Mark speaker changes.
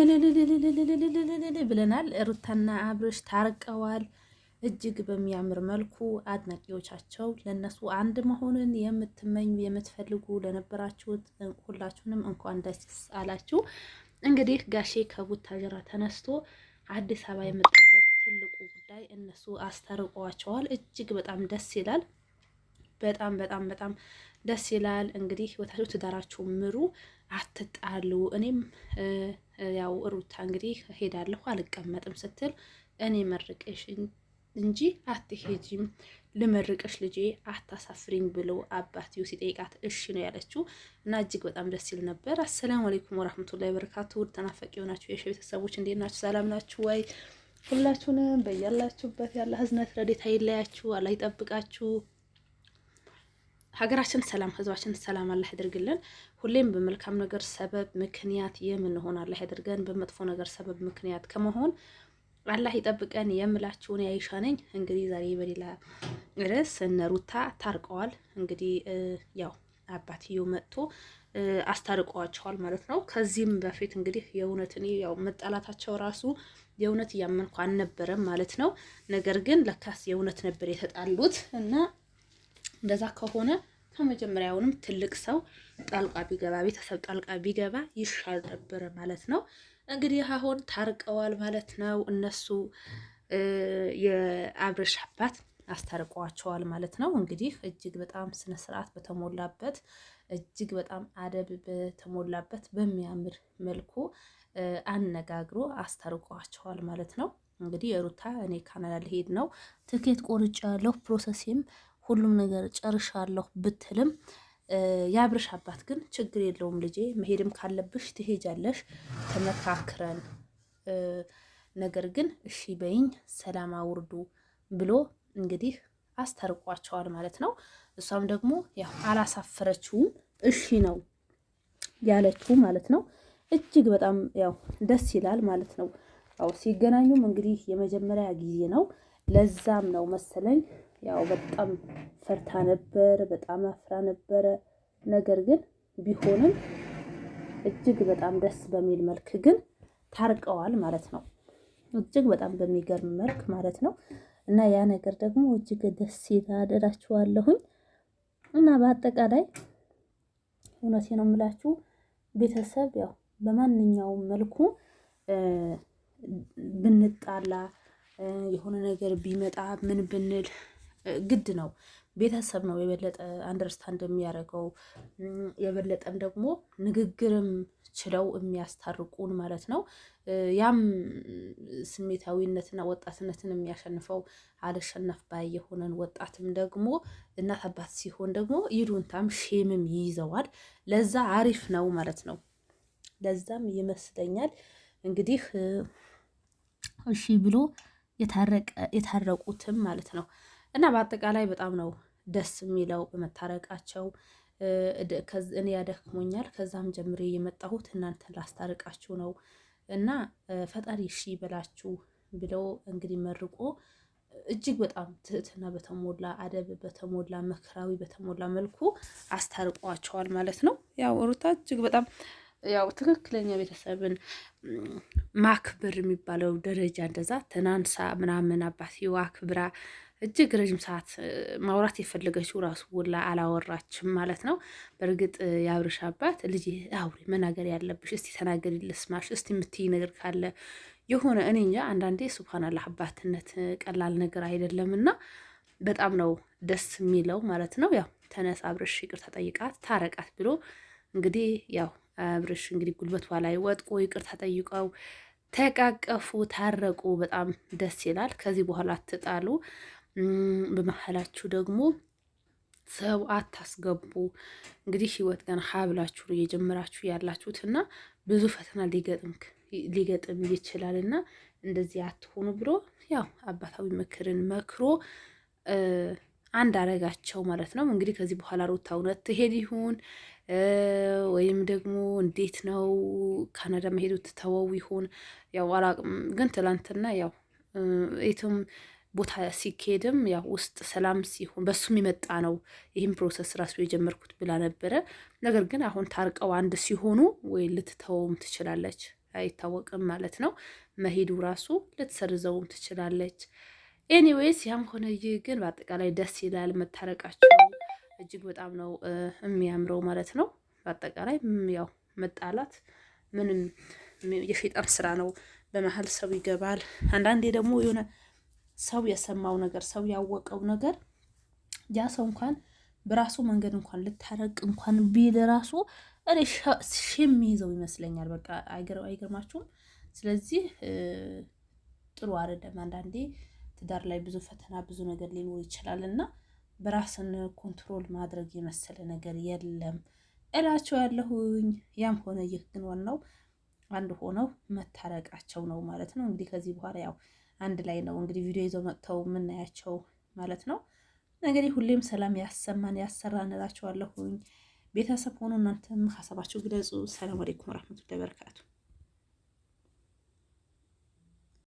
Speaker 1: እልልልልልልልልልልል ብለናል። ሩታና አብርሽ ታርቀዋል። እጅግ በሚያምር መልኩ አድናቂዎቻቸው ለነሱ አንድ መሆንን የምትመኙ የምትፈልጉ ለነበራችሁት ሁላችሁንም እንኳን ደስ አላችሁ። እንግዲህ ጋሼ ከቡታጀራ ተነስቶ አዲስ አበባ የመጣበት ትልቁ ጉዳይ እነሱ አስታርቀዋቸዋል። እጅግ በጣም ደስ ይላል። በጣም በጣም በጣም ደስ ይላል። እንግዲህ ህይወታችሁ ትዳራችሁ ምሩ፣ አትጣሉ። እኔም ያው ሩታ እንግዲህ ሄዳለሁ አልቀመጥም ስትል እኔ መርቅሽ እንጂ አትሄጂም፣ ልመርቅሽ ልጄ አታሳፍሪኝ ብሎ አባትዮ ሲጠይቃት እሺ ነው ያለችው እና እጅግ በጣም ደስ ይል ነበር። አሰላሙ አለይኩም ወራህመቱላሂ ወበረካቱ። ውድ ተናፋቂ የሆናችሁ የሸ ቤተሰቦች እንዴት ናችሁ? ሰላም ናችሁ ወይ? ሁላችሁንም በያላችሁበት ያለ ህዝነት ረዴት አይለያችሁ፣ አላህ ይጠብቃችሁ። ሀገራችን ሰላም፣ ህዝባችን ሰላም አላህ ያደርግልን ሁሌም በመልካም ነገር ሰበብ ምክንያት የምንሆን አላህ ያደርገን። በመጥፎ ነገር ሰበብ ምክንያት ከመሆን አላህ ይጠብቀን። የምላችሁን ያይሻ ነኝ። እንግዲህ ዛሬ በሌላ ርዕስ እነ ሩታ ታርቀዋል። እንግዲህ ያው አባትየው መጥቶ አስታርቀዋቸዋል ማለት ነው። ከዚህም በፊት እንግዲህ የእውነት እኔ ያው መጣላታቸው ራሱ የእውነት እያመንኩ አልነበረም ማለት ነው። ነገር ግን ለካስ የእውነት ነበር የተጣሉት እና እንደዛ ከሆነ ከመጀመሪያውንም ትልቅ ሰው ጣልቃ ቢገባ ቤተሰብ ጣልቃ ቢገባ ይሻል ነበር ማለት ነው። እንግዲህ አሁን ታርቀዋል ማለት ነው። እነሱ የአብረሽ አባት አስታርቀዋቸዋል ማለት ነው። እንግዲህ እጅግ በጣም ስነ ስርዓት በተሞላበት እጅግ በጣም አደብ በተሞላበት በሚያምር መልኩ አነጋግሮ አስታርቀዋቸዋል ማለት ነው። እንግዲህ የሩታ እኔ ካናዳ ልሄድ ነው ትኬት ቆርጫለሁ፣ ያለው ፕሮሰሲም ሁሉም ነገር ጨርሻለሁ ብትልም የአብርሽ አባት ግን ችግር የለውም ልጄ፣ መሄድም ካለብሽ ትሄጃለሽ፣ ተመካክረን ነገር ግን እሺ በይኝ፣ ሰላም አውርዱ ብሎ እንግዲህ አስታርቋቸዋል ማለት ነው። እሷም ደግሞ ያው አላሳፈረችውም፣ እሺ ነው ያለችው ማለት ነው። እጅግ በጣም ያው ደስ ይላል ማለት ነው። ያው ሲገናኙም እንግዲህ የመጀመሪያ ጊዜ ነው። ለዛም ነው መሰለኝ ያው በጣም ፈርታ ነበረ፣ በጣም አፍራ ነበረ። ነገር ግን ቢሆንም እጅግ በጣም ደስ በሚል መልክ ግን ታርቀዋል ማለት ነው። እጅግ በጣም በሚገርም መልክ ማለት ነው። እና ያ ነገር ደግሞ እጅግ ደስ ይላደራችኋለሁኝ። እና በአጠቃላይ እውነቴ ነው የምላችሁ ቤተሰብ ያው በማንኛውም መልኩ ብንጣላ የሆነ ነገር ቢመጣ ምን ብንል ግድ ነው። ቤተሰብ ነው የበለጠ አንደርስታንድ የሚያደርገው የበለጠም ደግሞ ንግግርም ችለው የሚያስታርቁን ማለት ነው። ያም ስሜታዊነትና ወጣትነትን የሚያሸንፈው አልሸነፍ ባይ የሆነን ወጣትም ደግሞ እናት አባት ሲሆን ደግሞ ይሉንታም ሼምም ይይዘዋል። ለዛ አሪፍ ነው ማለት ነው። ለዛም ይመስለኛል እንግዲህ እሺ ብሎ የታረቁትም ማለት ነው። እና በአጠቃላይ በጣም ነው ደስ የሚለው በመታረቃቸው። እኔ ያደክሞኛል ከዛም ጀምሬ የመጣሁት እናንተን ላስታርቃችሁ ነው እና ፈጣሪ እሺ ይበላችሁ ብለው እንግዲህ መርቆ እጅግ በጣም ትህትና በተሞላ አደብ በተሞላ መክራዊ በተሞላ መልኩ አስታርቋቸዋል ማለት ነው። ያው ሩታ እጅግ በጣም ያው ትክክለኛ ቤተሰብን ማክበር የሚባለው ደረጃ እንደዛ ትናንሳ ምናምን አባትየው አክብራ እጅግ ረዥም ሰዓት ማውራት የፈለገችው ራሱ ውላ አላወራችም ማለት ነው። በእርግጥ የአብርሽ አባት ልጅ አውሪ መናገር ያለብሽ እስቲ ተናገሪ ልስማሽ፣ እስቲ የምትይ ነገር ካለ የሆነ እኔ እንጃ። አንዳንዴ ሱብሃናላህ አባትነት ቀላል ነገር አይደለም እና በጣም ነው ደስ የሚለው ማለት ነው። ያው ተነስ አብርሽ ይቅርታ ጠይቃት ታረቃት ብሎ እንግዲህ ያው አብርሽ እንግዲህ ጉልበቷ ላይ ወጥቆ ይቅርታ ጠይቀው ተቃቀፉ፣ ታረቁ። በጣም ደስ ይላል። ከዚህ በኋላ ትጣሉ በመሀላችሁ ደግሞ ሰው አታስገቡ። እንግዲህ ህይወት ገና ሀብላችሁ እየጀመራችሁ ያላችሁት እና ብዙ ፈተና ሊገጥም ይችላል እና እንደዚህ አትሆኑ ብሎ ያው አባታዊ ምክርን መክሮ አንድ አረጋቸው ማለት ነው። እንግዲህ ከዚህ በኋላ ሩታ እውነት ትሄድ ይሁን ወይም ደግሞ እንዴት ነው ካናዳ መሄዱ ትተወው ይሁን ያው አላቅም። ግን ትላንትና ያው የትም ቦታ ሲካሄድም ያው ውስጥ ሰላም ሲሆን በሱ የሚመጣ ነው። ይህም ፕሮሰስ ራሱ የጀመርኩት ብላ ነበረ። ነገር ግን አሁን ታርቀው አንድ ሲሆኑ ወይ ልትተወውም ትችላለች፣ አይታወቅም ማለት ነው። መሄዱ ራሱ ልትሰርዘውም ትችላለች። ኤኒዌይስ ያም ሆነ ይህ ግን በአጠቃላይ ደስ ይላል። መታረቃቸው እጅግ በጣም ነው የሚያምረው ማለት ነው። በአጠቃላይ ያው መጣላት ምንም የሸይጣን ስራ ነው። በመሀል ሰው ይገባል። አንዳንዴ ደግሞ የሆነ ሰው የሰማው ነገር ሰው ያወቀው ነገር ያ ሰው እንኳን በራሱ መንገድ እንኳን ልታረቅ እንኳን ቢል ራሱ እኔ ሺ ይዘው ይመስለኛል። በቃ አይገርማችሁም? ስለዚህ ጥሩ አይደለም። አንዳንዴ ትዳር ላይ ብዙ ፈተና ብዙ ነገር ሊኖር ይችላል እና በራስን ኮንትሮል ማድረግ የመሰለ ነገር የለም እላቸው ያለሁኝ። ያም ሆነ ይህ ግን ዋናው አንድ ሆነው መታረቃቸው ነው ማለት ነው። እንግዲህ ከዚህ በኋላ ያው አንድ ላይ ነው እንግዲህ ቪዲዮ ይዘው መጥተው የምናያቸው ማለት ነው። እንግዲህ ሁሌም ሰላም ያሰማን ያሰራ እንላቸዋለሁኝ። ቤተሰብ ሆኖ እናንተም ሀሳባችሁ ግለጹ። ሰላም አለይኩም ረህመቱላሂ ወበረካቱ።